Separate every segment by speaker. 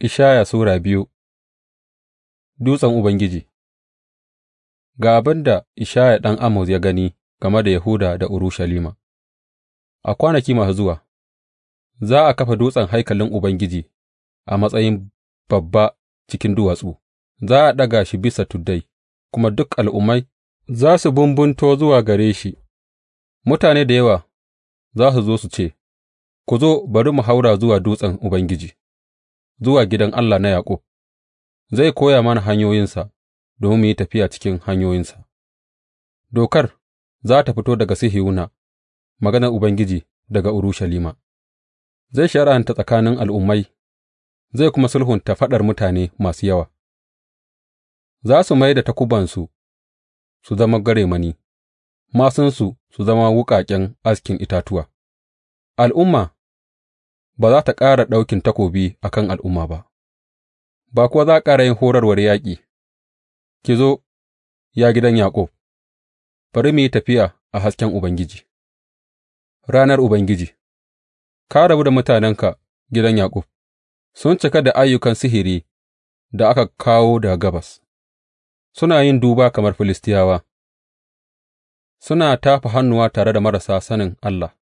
Speaker 1: Ishaya Sura biyu Dutsen Ubangiji Ga abin da Ishaya ɗan Amoz ya gani game da Yahuda da Urushalima A kwanaki masu zuwa, za a kafa dutsen haikalin Ubangiji a matsayin babba cikin duwatsu, za a ɗaga shi bisa tuddai, kuma duk al'ummai za su bumbunto zuwa gare shi, mutane da yawa za su zo su ce, Ku zo, bari mu haura zuwa dutsen Ubangiji. zuwa gidan Allah na Yaƙub, zai koya mana hanyoyinsa domin mu yi tafiya cikin hanyoyinsa. Dokar za ta fito daga sihiyuna maganar Ubangiji daga Urushalima, zai shari'anta tsakanin al'ummai, zai kuma sulhunta faɗar mutane masu yawa, za su mai da takubansu su zama garemani, masunsu su zama wuƙaƙen askin itatuwa, al'umma ba za tă ƙara ɗaukin takobi a kan al'umma ba, ba kuwa za a ƙara yin horarwar yaƙi, Ki zo, ya gidan Yaƙub, bari mu yi tafiya a hasken Ubangiji, ranar Ubangiji, ka rabu da mutanenka gidan Yaƙub, sun cika da ayyukan sihiri da aka kawo daga gabas, suna yin duba kamar Filistiyawa, suna tafa hannuwa tare da marasa sanin Allah.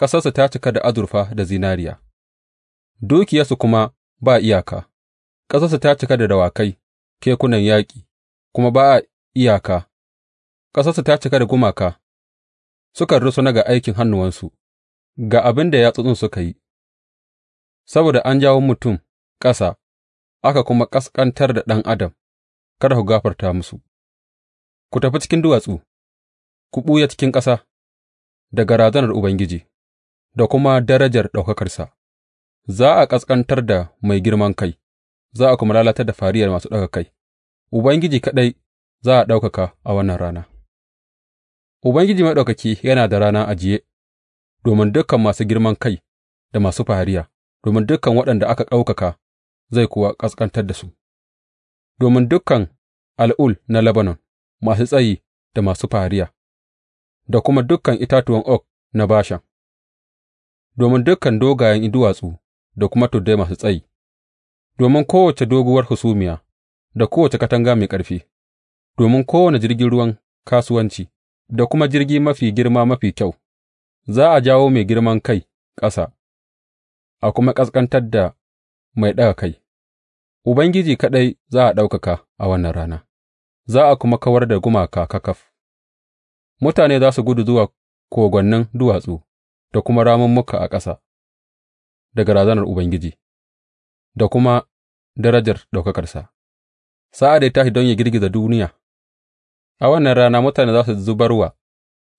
Speaker 1: ƙasarsu ta cika da azurfa da zinariya, dukiyarsu kuma ba iyaka, ƙasarsu ta cika da dawakai, kekunan yaƙi, kuma ba a iyaka, ƙasarsu ta cika da gumaka, sukan rusuna ga aikin hannuwansu, ga abin da yatsotsin suka yi, saboda an jawo mutum ƙasa, aka kuma ƙasƙantar da ɗan adam, kada ku gafarta musu, ku tafi cikin duwatsu, ku ɓuya cikin ƙasa daga razanar Ubangiji. da kuma darajar ɗaukakarsa, za a ƙasƙantar da mai girman kai, za a kuma lalatar da fariyar masu ɗaga kai, Ubangiji kaɗai za a ɗaukaka a wannan rana. Ubangiji Maɗaukaki yana da rana ajiye domin dukan masu girman kai da masu fariya, domin dukan waɗanda aka ɗaukaka zai kuwa ƙasƙantar da su, domin dukan al'ul na Lebanon masu tsayi da masu fariya, da kuma dukan itatuwan oak na Bashan. domin dukan dogayen duwatsu da kuma tuddai masu tsayi, domin kowace doguwar hasumiya da kowace katanga mai ƙarfi, domin kowane jirgin ruwan kasuwanci da kuma jirgi mafi girma mafi kyau, za a jawo mai girman kai ƙasa, a kuma ƙasƙantar da mai ɗaga kai, Ubangiji kaɗai za a ɗaukaka a wannan rana, za a kuma kawar da gumaka kakaf, mutane za su gudu zuwa kogwannin duwatsu. da kuma ramummuka a ƙasa daga razanar Ubangiji, da kuma darajar ɗaukakarsa, sa'ad da ya tashi don yă girgiza duniya, a wannan rana mutane za su zubar wa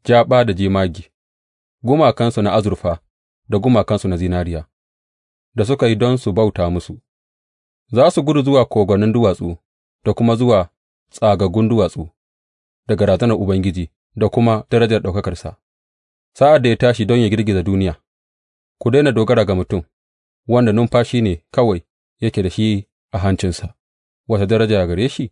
Speaker 1: jaɓa da jemagi, gumakansu na azurfa da gumakansu na zinariya, da suka yi don su bauta musu, za su gudu zuwa kogonin duwatsu da kuma zuwa tsagaggun duwatsu, daga razanar Ubangiji da kuma darajar ɗaukakarsa. Sa'ad da ya tashi don yă girgiza duniya, ku daina dogara ga mutum, wanda numfashi ne kawai yake da shi a hancinsa, wata daraja gare shi?